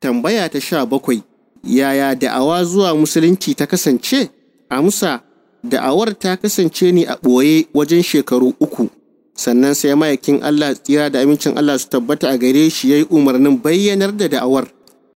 Tambaya ta sha bakwai, yaya da'awa zuwa musulunci ta kasance? Amsa, da'awar ta kasance ne a ɓoye wajen shekaru uku. Sannan sai ma'aikin Allah tsira da amincin Allah su tabbata a gare shi ya yi umarnin bayyanar da da'awar.